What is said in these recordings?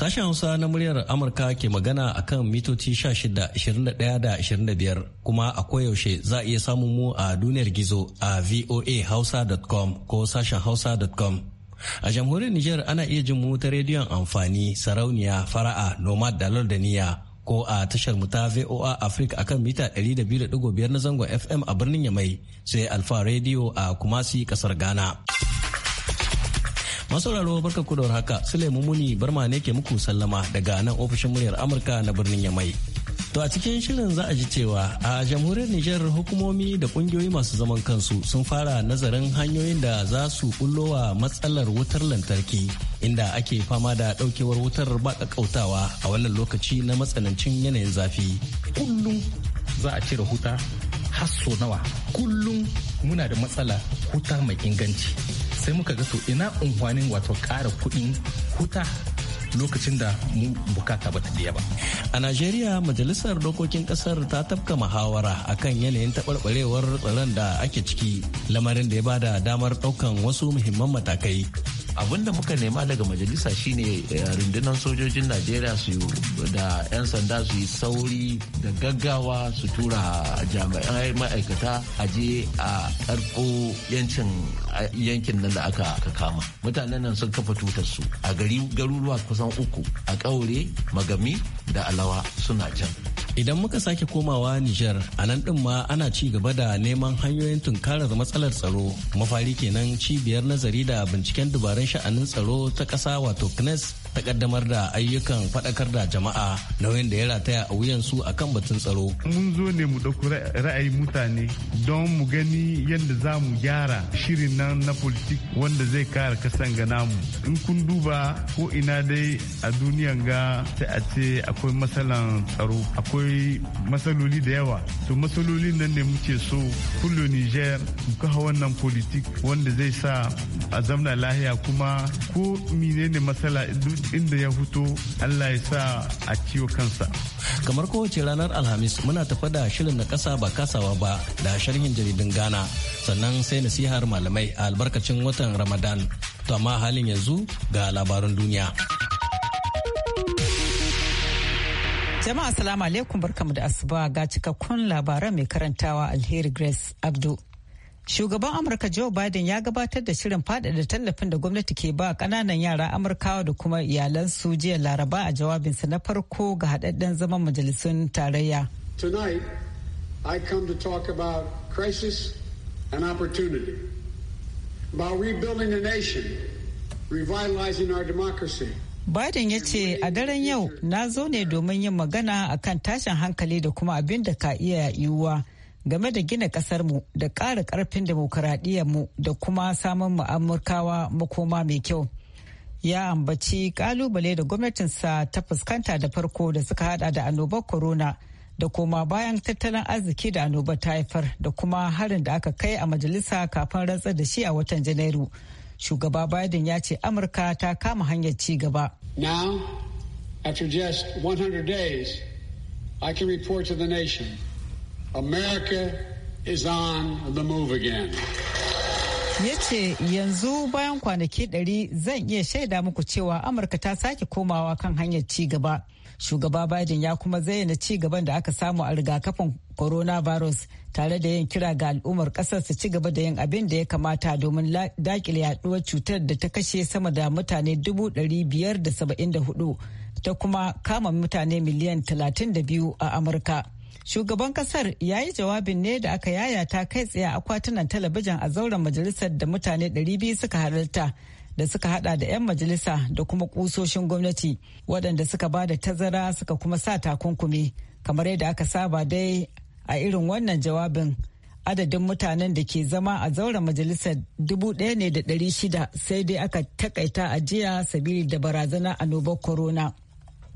Sashen Hausa na muryar Amurka ke magana a kan mitoci 16, 21 25 kuma a koyaushe za a iya samun mu a duniyar gizo a voahausa.com ko sashen hausa.com. A jamhuriyar Nijar ana iya jin mu ta rediyon amfani sarauniya fara'a nomad da niya ko a tashar mu ta VOA Africa kan mita 200.5 na zangon FM a birnin Yamai sai Alfa Radio a Kumasi kasar Ghana. Masauraro barka ku da haka Sulaimu Muni Barma ne ke muku sallama daga nan ofishin muryar Amurka na birnin Yamai. To a cikin shirin za a ji cewa a jamhuriyar niger hukumomi da kungiyoyi masu zaman kansu sun fara nazarin hanyoyin da za su wa matsalar wutar lantarki inda ake fama da daukewar wutar ba kautawa a wannan lokaci na matsanancin yanayin zafi. Kullum za a cire huta hasso nawa kullum muna da matsala huta mai inganci. sai muka ga to ina unhwanin wato ƙara kuɗin huta lokacin da mu bukata ba ta biya ba. A Najeriya majalisar dokokin kasar ta tafka muhawara akan yanayin taɓarɓarewar tsaron da ake ciki lamarin da ya ba da damar ɗaukan wasu muhimman matakai. abin da muka nema daga majalisa shine eh, rundunar sojojin najeriya su yi da 'yan sanda su yi sauri da gaggawa su tura jami'an ma'aikata aje a karko yancin yankin nan da aka kama mutanen nan sun kafa tutar a gari garuruwa kusan uku a ƙaure magami da alawa suna can idan muka sake komawa Nijar a nan din ma ana ci gaba da neman hanyoyin tunkarar matsalar tsaro mafari kenan cibiyar nazari da binciken dubaran sha'anin tsaro ta ƙasa wato knes ta da ayyukan faɗakar da jama'a nauyin da ya rataya a wuyansu a kan batun tsaro. Mun zo ne mu ɗauki ra'ayin mutane don mu gani yadda za mu gyara shirin nan na politik wanda zai kare kasan ga namu. In kun duba ko ina dai a duniyan ga sai a ce akwai matsalan tsaro akwai matsaloli da yawa. To matsalolin nan ne muke so kullum Niger mu kawo wannan politik wanda zai sa a zamna lahiya kuma ko menene matsala inda ya fito Allah ya sa a ciwo kansa. Kamar kowace ranar Alhamis muna tafa da shirin na kasa ba kasawa ba da sharhin jaridun Ghana sannan sai nasihar malamai a albarkacin watan Ramadan. To amma halin yanzu ga labaran duniya. Jama'a salamu alaikum barkamu da asuba ga cikakkun labaran mai karantawa alheri Grace Abdu. Shugaban Amurka Joe Biden ya gabatar da shirin faɗaɗa tallafin da gwamnati ke ba ƙananan yara Amurkawa da kuma iyalansu jiya Laraba a jawabinsa na farko ga haɗaɗɗen zaman majalisun tarayya. Tonight, I come to talk about crisis and opportunity, nation, revitalizing our democracy. Biden ya ce a daren yau na zo ne domin yin magana akan tashin hankali da kuma abin da ka iya yiwuwa. game da gina mu da ƙara ƙarfin mu da kuma samun mu makoma mai kyau ya ambaci ƙalubale da gwamnatin sa ta fuskanta da farko da suka hada da annobar corona da koma bayan tattalin arziki da annobar ta haifar da kuma harin da aka kai a majalisa kafin rantsar da shi a watan janairu shugaba biden ya ce amurka ta kama hanyar ci gaba now after just 100 days i can report to the nation America is on the move again. ya ce yanzu bayan kwanaki ɗari zan iya shaida muku cewa amurka ta sake komawa kan hanyar ci gaba shugaba biden ya kuma zayyana ci gaban da aka samu a rigakafin coronavirus tare da yin kira ga al'ummar kasar su ci gaba da yin abin da ya kamata domin dakile yaduwar cutar da ta kashe sama da mutane 574 ta kuma kama mutane miliyan 32 a amurka. Shugaban kasar ya yi jawabin ne da aka yayata kai tsaye a akwatunan talabijin a zauren majalisar da mutane 200 suka halarta da suka hada da 'yan majalisa da kuma kusoshin gwamnati waɗanda suka ba da tazara suka kuma sa takunkumi kamar yadda aka saba dai a irin wannan jawabin adadin mutanen da ke zama a zauren majalisar dubu ɗaya ne da ɗari shida sai dai aka takaita ajiya jiya sabili da barazana annobar corona.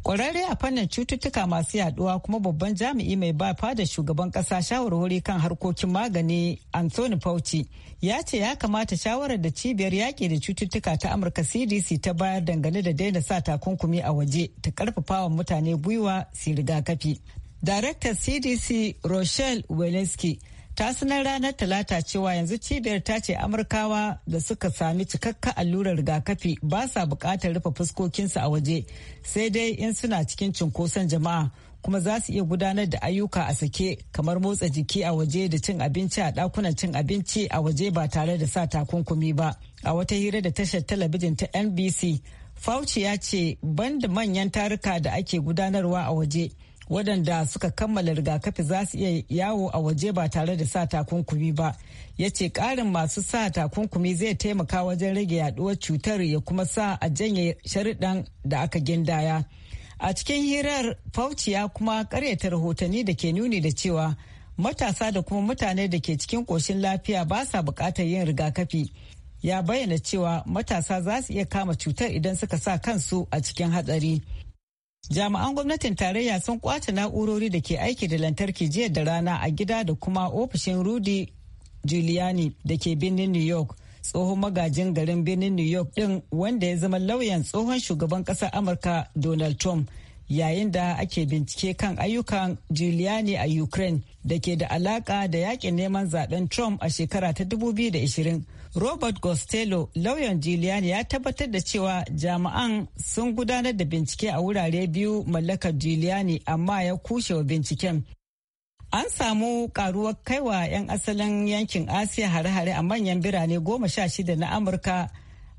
Kwararre a fannin cututtuka masu yaduwa kuma babban jami'i mai ba fada shugaban kasa shawarwari kan harkokin magani Anthony Fauci ya ce ya kamata shawarar da cibiyar yaƙi da cututtuka ta Amurka CDC ta bayar dangane da daina sa takunkumi a waje ta karfafa mutane gwiwa su rigakafi. Director CDC Rochelle Walensky ta sanar ranar talata cewa yanzu cibiyar ta ce amurkawa da suka sami cikakka allurar rigakafi ba sa bukatar rufe fuskokinsu a waje sai dai in suna cikin cunkoson jama'a kuma za su iya gudanar da ayyuka a sake kamar motsa jiki a waje da cin abinci a dakunan cin abinci a waje ba tare da sa takunkumi ba a wata hira da tashar talabijin ta nbc fauci ya ce banda manyan taruka da ake gudanarwa a waje waɗanda suka kammala rigakafi za su iya yawo a waje ba tare da sa takunkumi ba ya ce ƙarin masu sa takunkumi zai taimaka wajen rage yaduwar cutar ya kuma sa a janye sharuɗan da aka gindaya a cikin hirar fauci ya kuma karyata rahotanni da ke nuni da cewa matasa da kuma mutane da ke cikin ƙoshin lafiya ba sa buƙatar yin rigakafi ya bayyana cewa matasa za su iya kama cutar idan suka sa kansu a cikin hatsari Jami'an gwamnatin tarayya sun kwace na'urori da ke aiki da lantarki jiya da rana a gida da kuma ofishin Rudy Giuliani da ke birnin New York. Tsohon magajin garin birnin New York ɗin wanda ya zama lauyan tsohon shugaban ƙasar Amurka Donald Trump yayin da ake bincike kan ayyukan Giuliani a Ukraine da ke da alaƙa da yakin neman zaɓen Trump a shekara ta 2020. Robert Costello lauyan Giuliani ya tabbatar da cewa jami'an sun gudanar da bincike a wurare biyu mallakar Giuliani amma ya kushe wa binciken. An samu karuwar kaiwa 'yan asalin yankin Asiya hare-hare a manyan birane goma sha shida na Amurka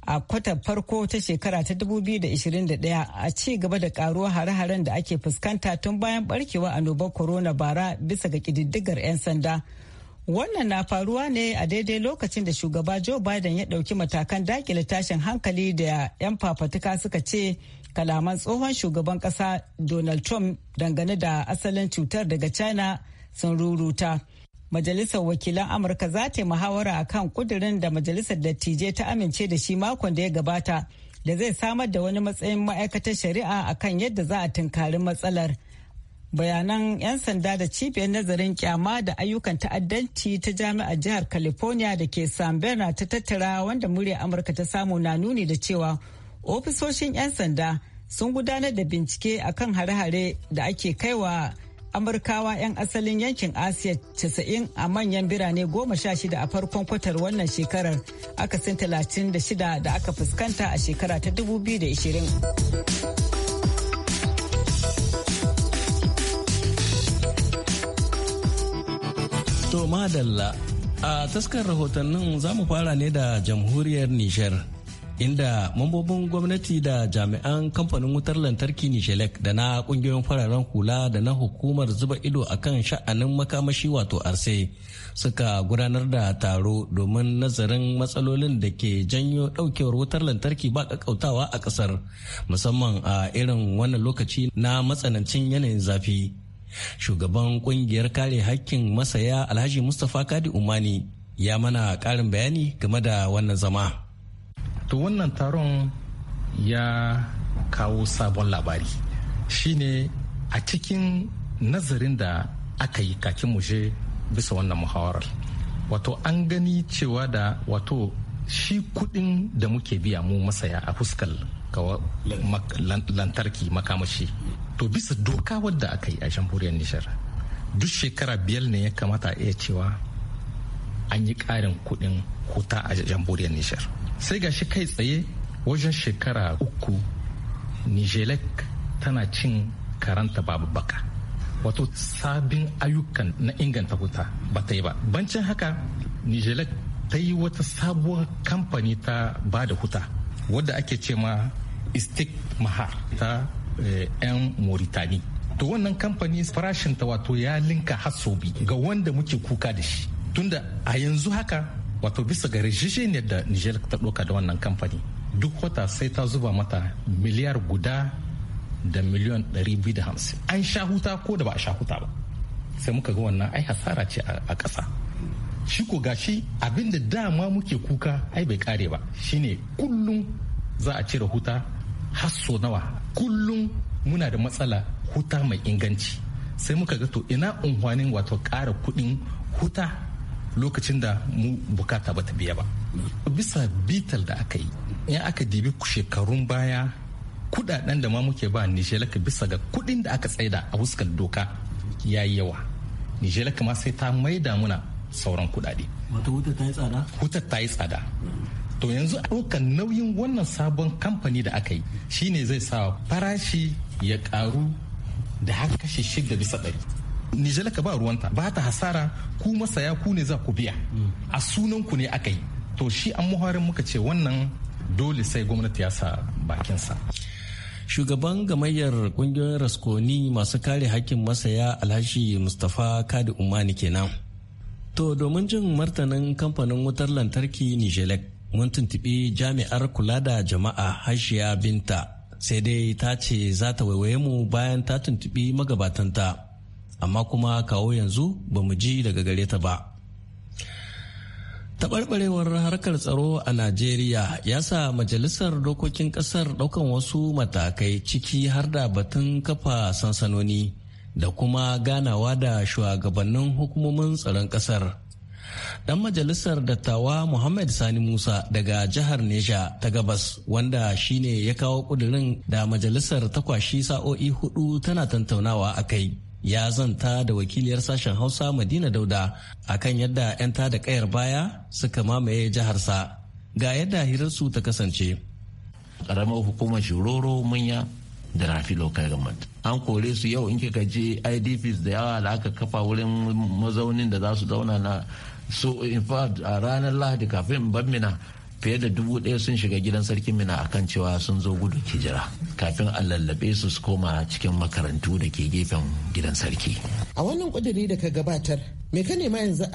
a kwatar farko ta shekara ta 2021 a ci gaba da karuwar hare-haren da ake fuskanta tun bayan barkewa annobar corona bara bisa ga ƙididdigar 'yan sanda. Wannan na faruwa ne a daidai lokacin da shugaba Joe Biden ya ɗauki matakan dakile tashin hankali da 'yan fafatuka suka ce kalaman tsohon shugaban ƙasa Donald Trump dangane da asalin cutar daga China sun ruruta. Majalisar wakilan Amurka za ta yi muhawara a kan kudirin da majalisar dattijai ta amince da shi makon da ya gabata da zai samar da wani matsayin ma'aikatar shari'a akan yadda za a tunkari matsalar. bayanan 'yan sanda da cibiyar nazarin kyama da ayyukan ta'addanci ta jami'ar jihar california da ke san bernard ta tattara wanda murya amurka ta samu na nuni da cewa ofisoshin 'yan sanda sun gudanar da bincike akan hare-hare da ake kaiwa amurkawa 'yan asalin yankin asiya 90 a manyan birane 16 a farkon kwatar wannan shekarar akasin 36 da aka fuskanta a shekara ta 2020 To madalla a taskar rahotannin za mu fara ne da jamhuriyar Nijar. Inda mambobin gwamnati da jami'an kamfanin wutar lantarki Nishelek da na kungiyoyin fararen hula da na hukumar zuba ido a kan sha'anin makamashi wato arse suka gudanar da taro domin nazarin matsalolin da ke janyo daukewar wutar lantarki ba kakkautawa a kasar musamman a irin wannan lokaci na matsanancin yanayin zafi. shugaban kungiyar kare hakkin masaya alhaji mustapha kadi umani ya mana karin bayani game da wannan zama to wannan taron ya kawo sabon labari shine a cikin nazarin da aka yi kakin muje bisa wannan muhawarar wato an gani cewa da wato shi kudin da muke biya mu masaya a fuskar lantarki makamashi to bisa doka wadda aka yi a jamhuriyar nishar duk shekara biyar ne ya kamata a iya cewa an yi ƙarin kuɗin huta a jamhuriyar nishar sai ga shi kai tsaye wajen shekara uku nijelek tana cin karanta babu baka wato sabin ayyukan na inganta huta ba ta yi ba bancin haka nijelek ta yi wata sabuwar kamfani ta ba da huta wadda ake ce ma istik mahar ta Eh, 'yan Mauritani. To wannan kamfani farashinta wato ya linka hasobi ga wanda muke kuka da shi. Tunda a yanzu haka wato bisa ga ne da Nijar ta ɗauka da wannan kamfani. Duk wata sai ta zuba mata miliyar guda da miliyan hamsin. An sha huta ko da ba a sha huta ba. Sai muka ga wannan ai hasara ce a ƙasa. Shi ko gashi abinda dama muke kuka ai bai kare ba shine kullum za a cire huta hasso nawa kullum muna da matsala huta mai inganci sai muka ga to ina unhwanin wato ƙara kuɗin huta lokacin da mu bukata bata biya ba bisa bitar da aka yi in aka dibi shekarun baya kudaden da ma muke ba nijelaka bisa ga kudin da aka tsaida a fuskar doka ya yi yawa nijelaka ma sai ta maida muna sauran kudade wato hutar ta yi tsada hutar ta yi tsada to yanzu ɗaukar nauyin wannan sabon kamfani da aka yi shine zai sa farashi ya ƙaru da har kashi shida bisa ɗari nijar ka ba ruwanta ba ta hasara ku masaya ku ne za ku biya a sunan ku ne aka yi to shi an muharin muka ce wannan dole sai gwamnati ya sa bakinsa shugaban gamayyar kungiyoyin raskoni masu kare hakkin masaya alhashi mustapha kadi umani kenan to domin jin martanin kamfanin wutar lantarki nijelek mun tuntuɓi jami'ar kula da jama'a hashiya binta sai dai ta ce za ta waiwaye mu bayan ta tuntuɓi magabatanta amma kuma kawo yanzu ba mu ji daga gare ta ba taɓarɓarewar harkar tsaro a najeriya ya sa majalisar dokokin ƙasar ɗaukan wasu matakai ciki har da batun kafa sansanoni da kuma ganawa da shugabannin hukumomin tsaron ƙasar dan majalisar dattawa muhammad sani musa daga jihar neja ta gabas wanda shine ya kawo kudirin da majalisar takwashi sa'o'i hudu tana tantaunawa a kai ya zanta da wakiliyar sashen hausa madina dauda akan yadda 'yan da kayar baya suka mamaye jiharsa ga yadda hirarsu ta kasance karamar hukumar shiroro munya da rafi local government an kore su yau in kika je idps da yawa da aka kafa wurin mazaunin da za su zauna na so in fact a ranar lahadi kafin ban mina fiye da dubu ɗaya sun shiga gidan sarkin mina akan cewa sun zo gudun hijira kafin a lallabe su su koma cikin makarantu da ke gefen gidan sarki a wannan kuduri da ka gabatar me ka nema yanzu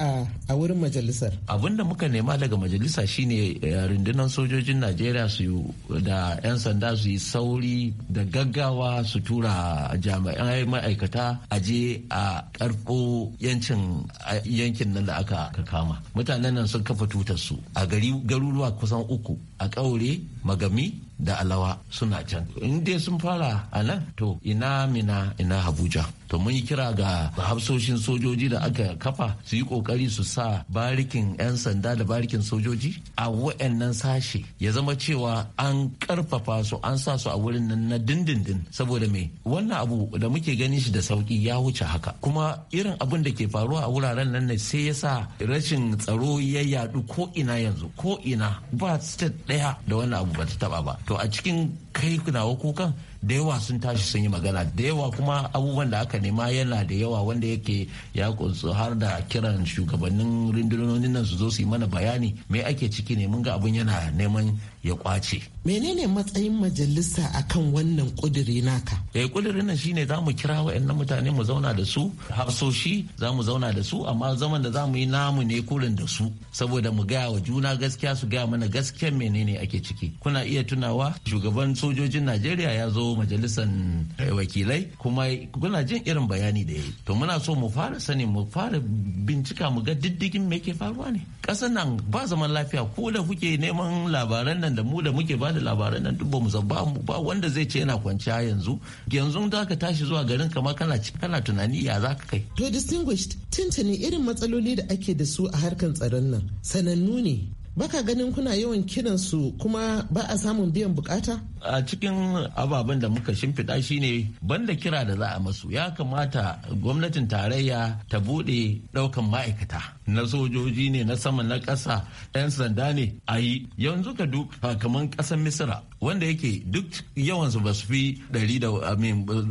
a wurin majalisar abin da muka nema daga majalisa shine eh, rundunar sojojin najeriya su da 'yan sanda su yi sauri da gaggawa su tura jami'an ma'aikata a je a karfo yancin yankin nan da aka kama mutanen nan sun kafa tutarsu a gari garuruwa kusan uku a ƙaure magami da alawa suna can in dai sun fara a nan to ina mina ina abuja to mun yi kira ga hafsoshin sojoji da aka kafa su yi kokari su sa barikin 'yan sanda da barikin sojoji a wa'annan sashe ya zama cewa an karfafa su an sa su a wurin nan na dindindin saboda me wannan abu da muke ganin shi da sauki ya wuce haka kuma irin abin da ke faruwa a wuraren nan ne sai ya sa rashin tsaro ya yadu ko ina yanzu ko ina ba state daya da wannan abu ba ta taba ba to a cikin kai nawa kukan da yawa sun tashi sun yi magana da yawa kuma abubuwan da aka nema yana da yawa wanda yake ya kunsu har da kiran shugabannin rundunonin nan su zo su yi mana bayani me ake ciki ne mun ga abun yana neman ya kwace menene matsayin majalisa akan wannan kuduri naka eh kudirin nan shine zamu mu kira wa'annan mutane mu zauna da su hafsoshi za mu zauna da su amma zaman da zamu yi namu ne kurin da su saboda mu gaya wa juna gaskiya su gaya mana gaskiyar menene ake ciki kuna iya tunawa shugaban sojojin najeriya ya zo majalisan majalisar eh, wakilai kuma kuna jin irin bayani da ya yi to muna so mu fara sani mu fara bincika mu ga diddigin me ke faruwa ne ƙasar nan ba zaman lafiya ko da kuke neman labaran nan da mu da muke ba da labaran nan duk ba mu ba ba wanda zai ce yana kwanciya yanzu yanzu da ka tashi zuwa garin kamar kana kana tunani ya za ka kai to distinguished tuntuni irin matsaloli da ake da su a harkar tsaron nan sanannu ne baka ganin kuna yawan kiran su kuma ba a samun biyan bukata? A cikin ababen da muka shimfiɗa shine banda kira da za a masu ya kamata gwamnatin tarayya ta buɗe ɗaukan ma'aikata na sojoji ne na sama na ƙasa 'yan sanda ne a yi yanzu ka duk kamar ƙasar misira wanda yake duk yawansu ba su fi ɗari da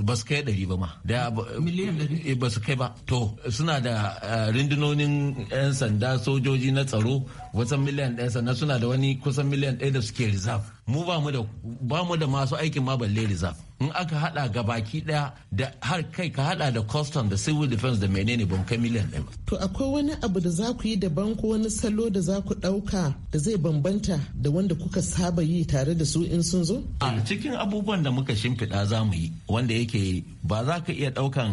ba su kai ɗari ba ma eh, ba su kai ba to suna da eh, rundunonin 'yan sanda sojoji na tsaro wasan miliyan ɗaya sannan suna da wani kusan miliyan ɗaya da suke reserve mu ba mu da masu aikin ma balle reserve in aka hada ga baki daya da har kai ka hada da custom da civil defense da menene ban kai miliyan ɗaya ba. To akwai wani abu da za ku yi daban ko wani salo da za ku ɗauka da zai bambanta da wanda kuka saba yi tare da su in sun zo? A cikin abubuwan da muka shimfiɗa za mu yi wanda yake ba za ka iya ɗaukan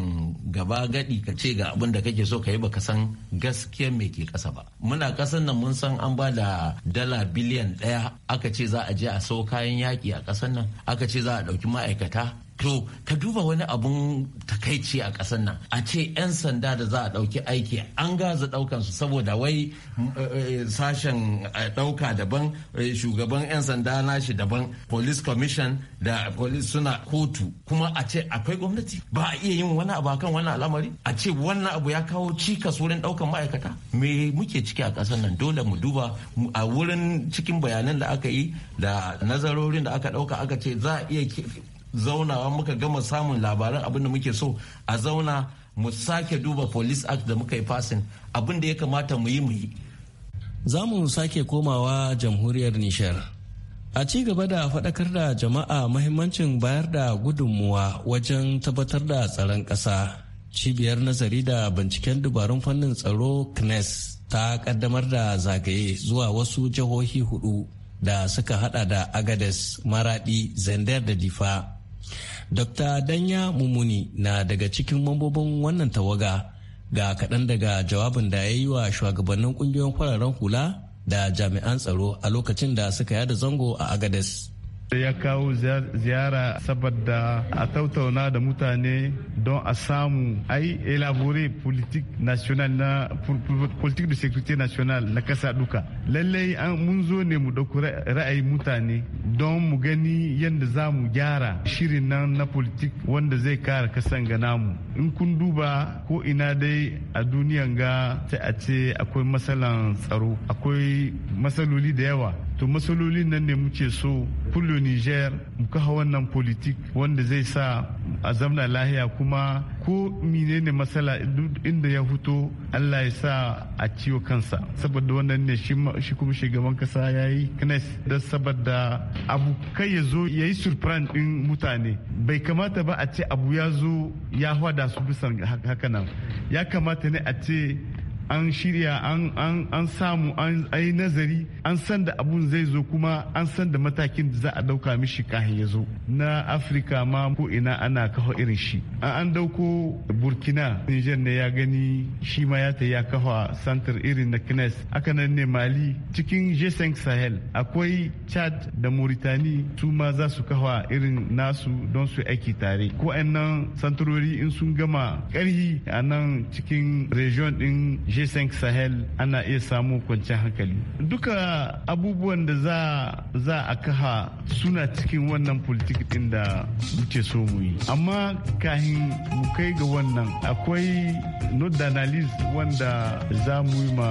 gaba gadi ka ce ga abin da kake so ka yi ba ka san gaskiya me ke kasa ba. Muna kasan nan mun san an ba da dala biliyan ɗaya aka ce za a je a sau kayan yaƙi a ƙasan nan aka ce za a ɗauki ma'aikata ta to ka duba wani abun takaici a ƙasar nan a ce 'yan sanda da za a ɗauki aiki an gaza ɗaukan su. saboda wai mm, eh, eh, sashen eh, ɗauka daban shugaban 'yan sanda nashi daban police commission da police suna kotu kuma a ce akwai gwamnati ba a iya yin wani abu akan wani al'amari a ce wannan abu ya kawo cikas wurin ɗaukan ma'aikata me muke ciki a ƙasar nan dole mu duba a wurin cikin bayanan da aka yi da nazarorin da aka ɗauka aka ce za a iya zaunawa muka gama samun labaran abin da muke so a zauna mu sake duba police act da muka yi fasin abin da ya kamata mu yi mu yi za mu sake komawa jamhuriyar nishar a ci gaba da faɗakar da jama'a mahimmancin bayar da gudunmuwa wajen tabbatar da tsaron ƙasa cibiyar nazari da binciken dubarun fannin tsaro knes ta kaddamar da zagaye zuwa wasu jihohi hudu da suka hada da agades maradi zender da difa Dr. Danya Mumuni na daga cikin mambobin wannan tawaga ga kaɗan daga jawabin da ya yi wa shugabannin ƙungiyoyin kwararren hula da jami'an tsaro a lokacin da suka yada zango a Agades. Ya kawo ziyara saboda a tautauna da mutane don a samu a yi elabore politik national na politique de sécurité national na kasa duka lallai an mun zo ne mu dauki ra'ayi mutane don mu gani yadda za mu gyara shirin nan na politique wanda zai kare kasan ga namu in kun duba ko ina dai a duniyan ga ta a ce akwai matsalan tsaro akwai matsaloli da yawa to matsaloli nan ne muke so le niger mu wannan politik wanda zai sa a zamna lahiya kuma kuma ko menene matsala duk inda ya fito allah ya sa a ciwo kansa saboda wannan ne shi kuma shugaban kasa ya yi knes don saboda abu kai yazo zo ya yi surprise din mutane bai kamata ba a ce abu ya zo ya hada su bisan haka nan ya kamata ne a ce an shirya an samu an yi nazari an san da abun zai zo kuma an san da matakin da za a dauka mishi kahin ya zo na afirka ma ko ina ana kafa irin shi an dauko burkina niger ne ya gani shi ma ya ta ya kafa santar irin na kines aka nan ne mali cikin g5 sahel akwai chad da mauritani su ma za su kafa irin nasu don su aiki tare ko nan santarori in sun gama karhi a nan cikin region din G5 Sahel ana iya samu kwanciyar hankali. Duka abubuwan da za, a kaha suna cikin wannan politik din da muke so mu yi. Amma kahin mu kai ga wannan akwai node analyst wanda za mu yi ma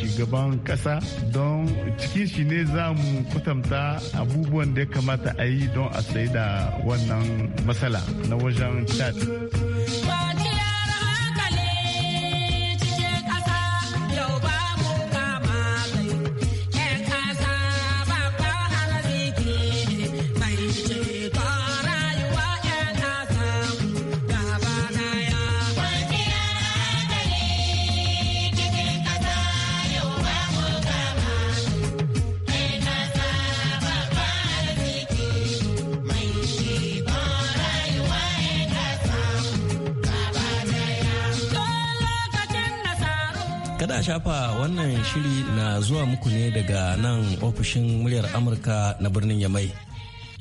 shugaban kasa don cikin shi ne za mu kutamta abubuwan da ya kamata a yi don a sai da wannan matsala na wajen chad shafa wannan shiri na zuwa muku ne daga nan ofishin muryar Amurka na birnin Yamai.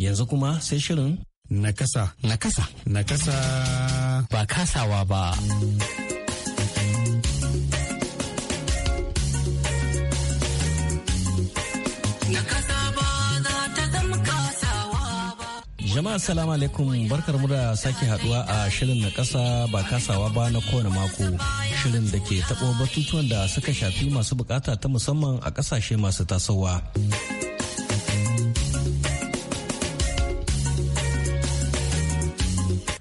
Yanzu kuma sai shirin na na kasa na kasa Ba kasawa ba. Jama'a salamu alaikum barkar mu da sake haduwa a shirin na kasa ba kasawa ba na kowane mako. shirin da ke taɓo batutuwan da suka shafi masu bukata ta musamman a ƙasashe masu tasowa.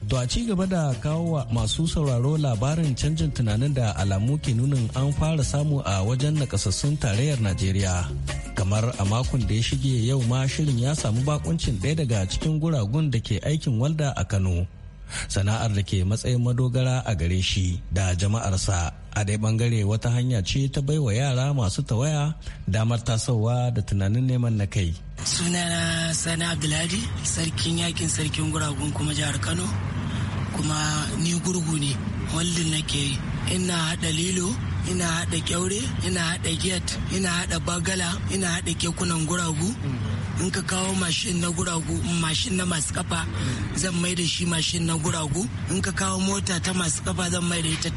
To a ci gaba da kawo wa masu sauraro labarin canjin tunanin da alamu ke nunin an fara samu a wajen nakasassun tarayyar Najeriya. Kamar a makon da ya shige yau ma shirin ya samu bakuncin ɗaya daga cikin guragun da ke aikin walda a Kano. sana'ar da ke matsayin madogara a gare shi da jama'arsa a dai bangare wata hanya ce ta baiwa yara masu tawaya damar tasowa da tunanin neman na kai sunana sani abdulhadi sarkin yakin sarkin guragun kuma jihar kano kuma ni gurgu ne wallin nake yi ina haɗa lilo ina haɗa kyaure ina haɗa get ina haɗa bagala ina haɗa kekunan guragu in ka kawo mashin na guragu mashin na masu kafa zan mai da shi mashin na guragu in ka kawo mota ta masu kafa zan mai da ita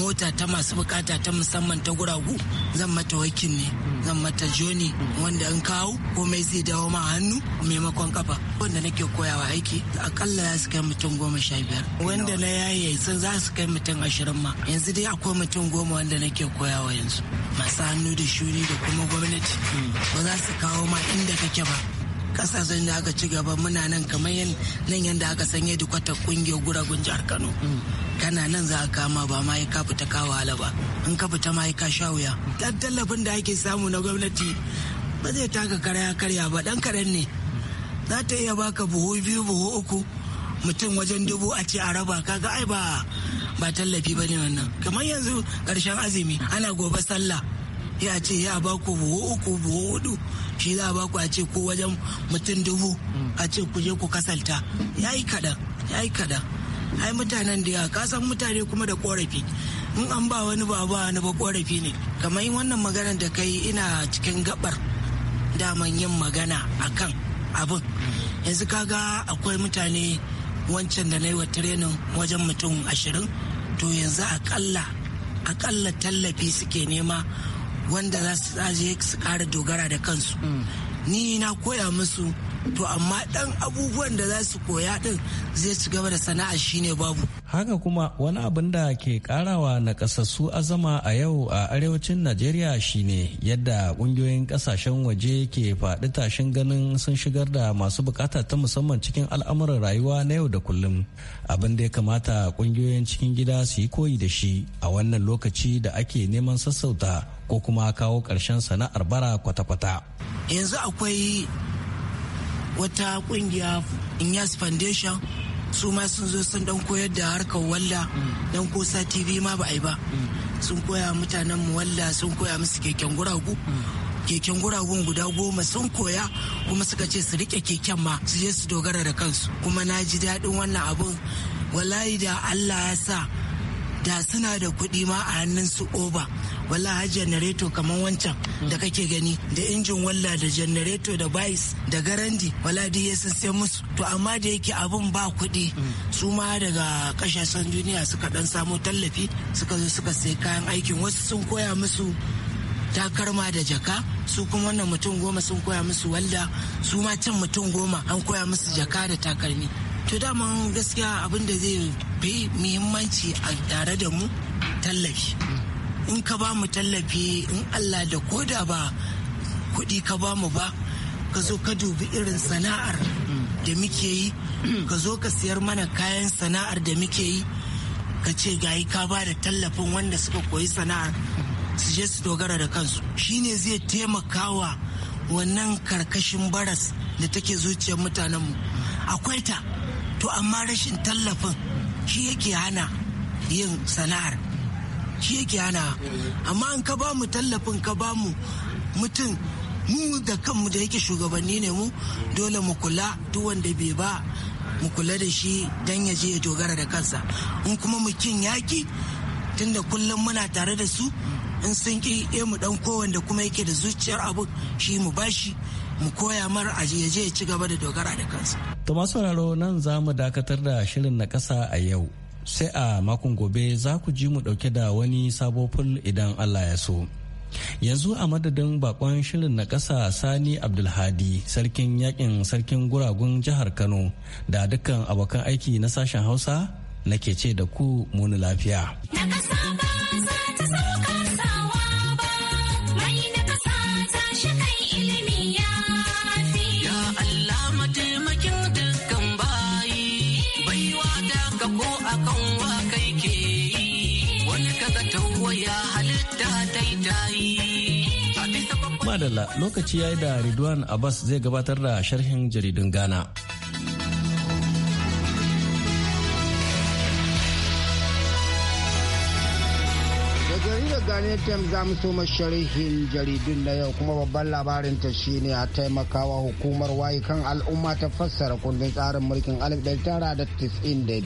mota ta masu bukata ta musamman ta guragu zan mata wakil ne zan mata joni wanda in kawo komai zai dawo ma hannu maimakon kafa wanda nake koyawa aiki akalla za su kai mutum goma sha biyar wanda na yaye sun za su kai mutum ashirin ma yanzu dai akwai mutum goma wanda nake koyawa yanzu masu hannu da shuni da kuma gwamnati ba za su kawo ma inda inda kake ba kasashen da aka ci gaba muna nan kamar nan yadda aka sanya dukwatar kungiyar guragun jihar kano mm. kana nan za a kama ba ma kafa ta ka hala ba in ka fita ma ka sha wuya dan tallafin da ake samu na gwamnati ba zai taka karya karya ba dan karen ne za ta iya baka buhu biyu buhu uku mutum wajen dubu a ce a raba kaga ai ba ba tallafi ne wannan kamar yanzu karshen azumi ana gobe sallah ya ce ya ba ku buhu uku buhu hudu shi za a ba ku a ce ko wajen mutum dubu a ce ku je ku kasalta ya yi kaɗan ya yi kaɗan ai mutanen da ya kasan mutane kuma da korafi in an ba wani ba ba wani ba korafi ne kamar wannan maganar da kai ina cikin gabar daman yin magana akan abin yanzu kaga akwai mutane wancan da na yi wa tirenin wajen mutum ashirin to yanzu akalla akalla tallafi suke nema wanda za su aje su kara dogara da kansu mm. ni na koya musu to amma dan abubuwan da za su koya din zai ci gaba da sana'a shine babu haka kuma wani abin da ke karawa na kasassu azama a yau a arewacin najeriya shine yadda kungiyoyin kasashen waje ke faɗi tashin ganin sun shigar da masu bukata ta musamman cikin al'amuran rayuwa na yau da kullum abin da ya kamata kungiyoyin cikin gida su yi koyi da shi a wannan lokaci da ake neman sassauta ko kuma kawo ƙarshen sana'ar bara kwata-kwata yanzu akwai wata kungiya inyas foundation su ma sun zo sun dan koyar da harkar walla dan ko sati biyu ma ba a yi ba sun koya mutanen mu walla sun koya musu keken guragu keken guragun guda goma sun koya kuma suka ce su rike keken ma su je su dogara da kansu kuma na ji daɗin wannan abun wallahi da Allah ya sa da suna da kuɗi ma a hannun su oba wala har janareto kamar wancan da kake gani da injin walla da janareto da bais da garandi wala da ya sai musu to amma da yake abun ba kuɗi su ma daga ƙasashen duniya suka dan samo tallafi suka zo suka sai kayan aikin wasu sun koya musu takarma da jaka su kuma wannan mutum goma sun koya musu walda su ma can mutum goma an koya musu jaka da takarmi to dama gaskiya abin da zai fi muhimmanci a tare da mu tallafi in ka ba mu tallafi in allah da koda ba kuɗi ka ba mu ba ka zo ka dubi irin sana'ar da muke yi ka zo ka siyar mana kayan sana'ar da muke yi ka ce gayi ka ba da tallafin wanda suka koyi sana'ar su je su dogara da kansu shine zai taimakawa wannan karkashin baras da take zuciyar mutanenmu akwai ta to amma rashin tallafin shi yake hana yin sana'ar shi yake hana amma in ka ba mu tallafin ka ba mu mutum mu da kanmu da yake shugabanni ne mu dole mu kula duk wanda bai ba mu kula da shi don ya je ya dogara da kansa in kuma mukin yaki tunda kullum muna tare da su in sun ki eh, mu dan kowanda kuma yake da zuciyar abu shi mu bashi mu koya mar a ya je ci gaba da dogara da kansa. To masu sauraro nan za mu dakatar da shirin na ƙasa a yau. Sai a makon gobe za ku ji mu ɗauke da wani sabo ful idan Allah ya so. Yanzu a madadin bakon shirin na ƙasa Sani Abdulhadi sarkin yakin sarkin guragun jihar Kano da dukkan abokan aiki na sashen Hausa nake ce da ku muni lafiya. Na ƙasa ba za ta adala lokaci ya yi da Ridwan Abbas zai gabatar da sharhin jaridun Ghana. Gane Tem za mu soma sharhin jaridun na yau kuma babban labarin ta shine a taimakawa hukumar wayi kan al'umma ta fassara kundin tsarin mulkin 1992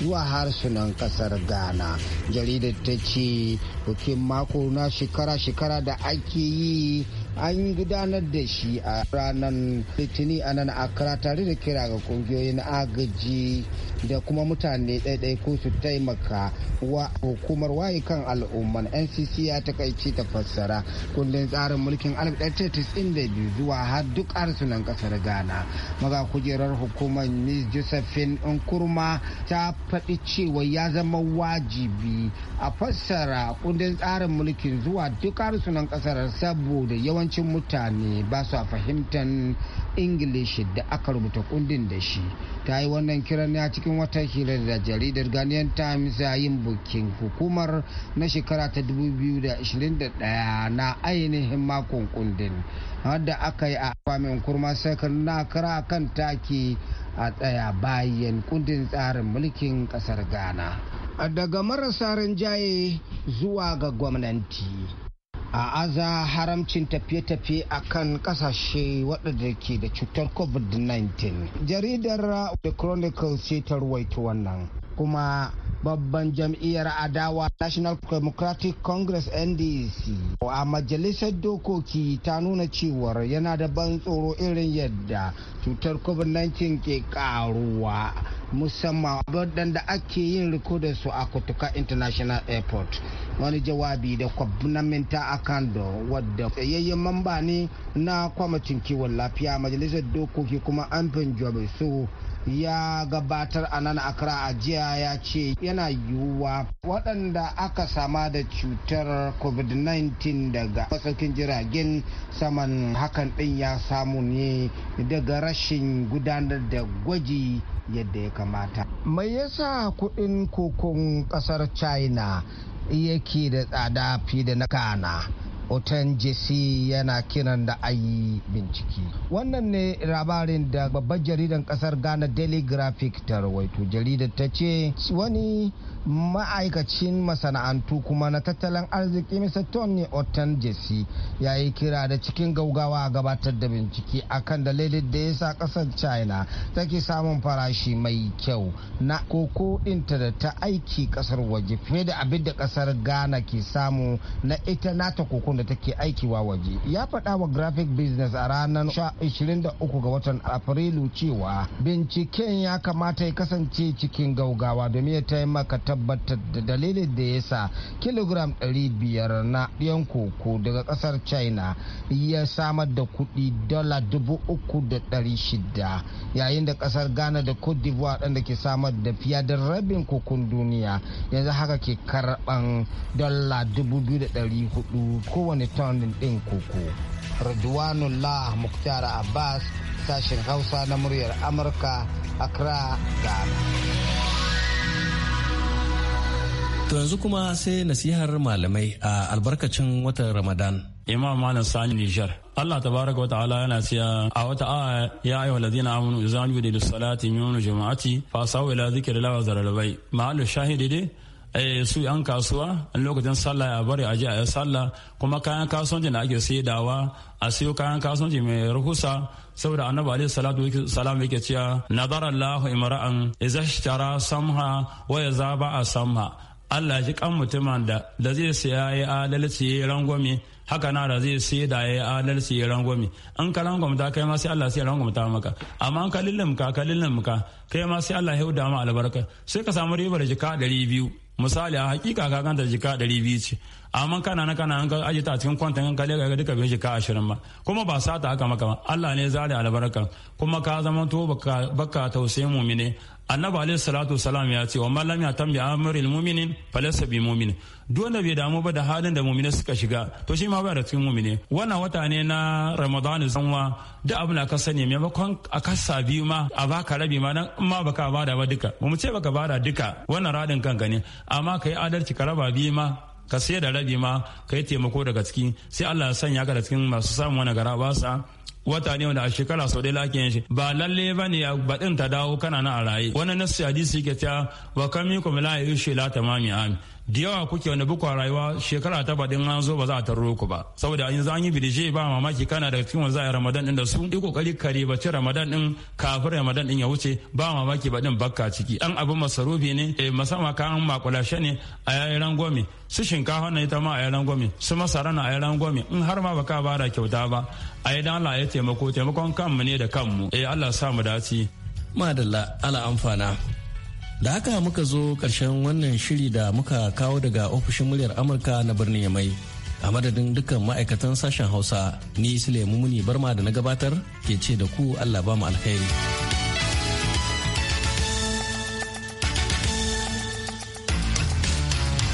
zuwa harsunan kasar Ghana. Jaridar ta ce bukin mako na shekara-shekara da ake yi an gudanar da shi a ranar litini a nan akara tare da kira ga kungiyoyin agaji da kuma mutane ɗaiɗai ko su taimaka wa hukumar waye kan al'umma ncc ya takaici ta fassara kundin tsarin mulkin biyu zuwa har duk arsunan kasar ghana maga kujerar hukumar miss josephine nkurma ta faɗi cewa ya zama wajibi a fassara kundin tsarin mulkin zuwa duk arsunan kasar saboda yawan yawancin mutane ba su fahimtar ingilishi da aka rubuta kundin da shi ta yi wannan kiran ya cikin wata hira da jaridar ghanaian times bikin bukin hukumar na shekara ta 2021 na ainihin makon kundin wadda aka yi a kwamin kurma sakar na kara kan taki a tsaya bayan kundin tsarin mulkin kasar ghana daga marasa rinjaye zuwa ga gwamnati a aza haramcin tafiye-tafiye a kan kasashe waɗanda ke da cutar covid-19 jaridar the chronicle ce ta ruwaito wannan kuma babban jam'iyyar adawa national democratic congress ndc a majalisar dokoki ta nuna cewar yana da ban tsoro irin yadda cutar covid-19 ke karuwa musamman waɗanda ake yin riko da su a kutuka international airport wani jawabi da kwabnaminta a kando wadda tsayayyen mamba ne na kwamitin kiwon lafiya majalisar dokoki kuma an jobe su ya gabatar a nan akra a jiya ya ce yana yiwuwa waɗanda aka sama da cutar COVID-19 daga masaukin jiragen saman hakan ɗin ya samu ne daga rashin gudanar da gwaji yadda ya kamata. Mai yasa kuɗin kokon ƙasar China yake da tsada fi da na kana? jesse yana kiran da ayi bincike wannan ne labarin da babbar jaridan kasar ghana daily graphic ta rawaito jaridar ta ce wani ma'aikacin masana'antu kuma na tattalin arziki mr tony Otan jesse ya yi kira da cikin gaugawa a gabatar da bincike a kan dalilin da ya sa kasar china take samun farashi mai kyau na koko ɗinta da ta aiki kasar waje fiye da abin da kasar ghana ke samu na ita nata koko da take aikiwa waje ya faɗa wa graphic business a ranar 23 ga watan afrilu cewa binciken ya kamata ya kasance cikin gaugawa domin ya taimaka ta. tabbatar da dalilin da ya sa kilogram 500 na ɗiyan koko daga ƙasar china ya samar da kuɗi dala 3,600 yayin da ƙasar ghana da cote d'ivoire ɗan ke samar da fiye da rabin kokon duniya yanzu haka ke karɓan dala 2,400 kowane tonin ɗin koko la muktara Abbas sashen Hausa na muryar Amurka, Accra, Ghana. To yanzu kuma sai nasihar malamai a albarkacin watan Ramadan. Imam Malam Sani Nijar. Allah tabaraka wa ta'ala yana siya a wata aya ya ayyuhal ladina amanu idza nudiya lis-salati min yawmil jumu'ati fasaw ila dhikrillah wa zarul bay. Ma'al shahidi dai eh, su yan kasuwa a lokacin sallah ya bari a je a yi sallah kuma kayan kasuwanci da ake saidawa a siyo kayan kasuwanci mai rahusa saboda annabi alaihi salatu salam yake cewa nadara Allah imra'an idza ishtara samha wa yaza ba'a samha Allah shi kan mutumin da da zai saya ya adalci ya rangwami haka na da zai siya da ya adalci ya rangwami an ka rangwamta kai ma sai Allah sai rangwamta maka amma an ka lillimka ka lillimka kai ma sai Allah ya huda ma albarka sai ka samu ribar jika ɗari biyu misali a hakika ka kanta jika ɗari biyu ce amma kana na kana an ka ajiye ta cikin kwantan kan kalle ga duka bai jika ashirin ma kuma ba sata haka maka Allah ne zare albarka kuma ka zama to baka baka tausayin mu ne annabi alaihi salatu salam ya ce wa man lam yatam bi amril mu'minin falaysa bi mu'min duk bai damu ba da halin da mu'mina suka shiga to shi ma ba da cikin mu'mine wannan wata ne na ramadan zanwa da abin ka sani maimakon a kasa biyu ma a baka rabi ma nan ma baka bada ba duka mu ce baka bada duka wannan radin kanka ne amma yi adalci ka raba biyu ma ka sai da rabi ma ka yi taimako daga ciki sai Allah ya sanya ka da cikin masu samun wani gara sa wata ne wanda a shekara sau ɗaya lake shi ba lalle ba ne a baɗin ta dawo kana na a raye wani nasu hadisi ke ta wa kami kuma la shi la tamami amin da yawa kuke wani bukwa rayuwa shekara ta baɗin an zo ba za a tarro ku ba saboda in za an yi bilishe ba mamaki kana da cikin wanzu a ramadan ɗin da su yi kokari kare bace ramadan din kafin ramadan din ya wuce ba mamaki baɗin bakka ciki an abin masarufi ne eh, musamman an makulashe ne a yayin rangwame su shinkafa na ita ma a yayin rangwame su masara na a yayin rangwame in har ma baka ba da kyauta ba a yi dan Allah ya taimako taimakon kanmu ne da kanmu e Allah sa mu dace madalla ala amfana da haka muka zo karshen wannan shiri da muka kawo daga ofishin muryar amurka na birnin yamai a madadin dukkan ma'aikatan sashen hausa ni sule mumuni barma da na gabatar ke ce da ku allah ba mu alkhairi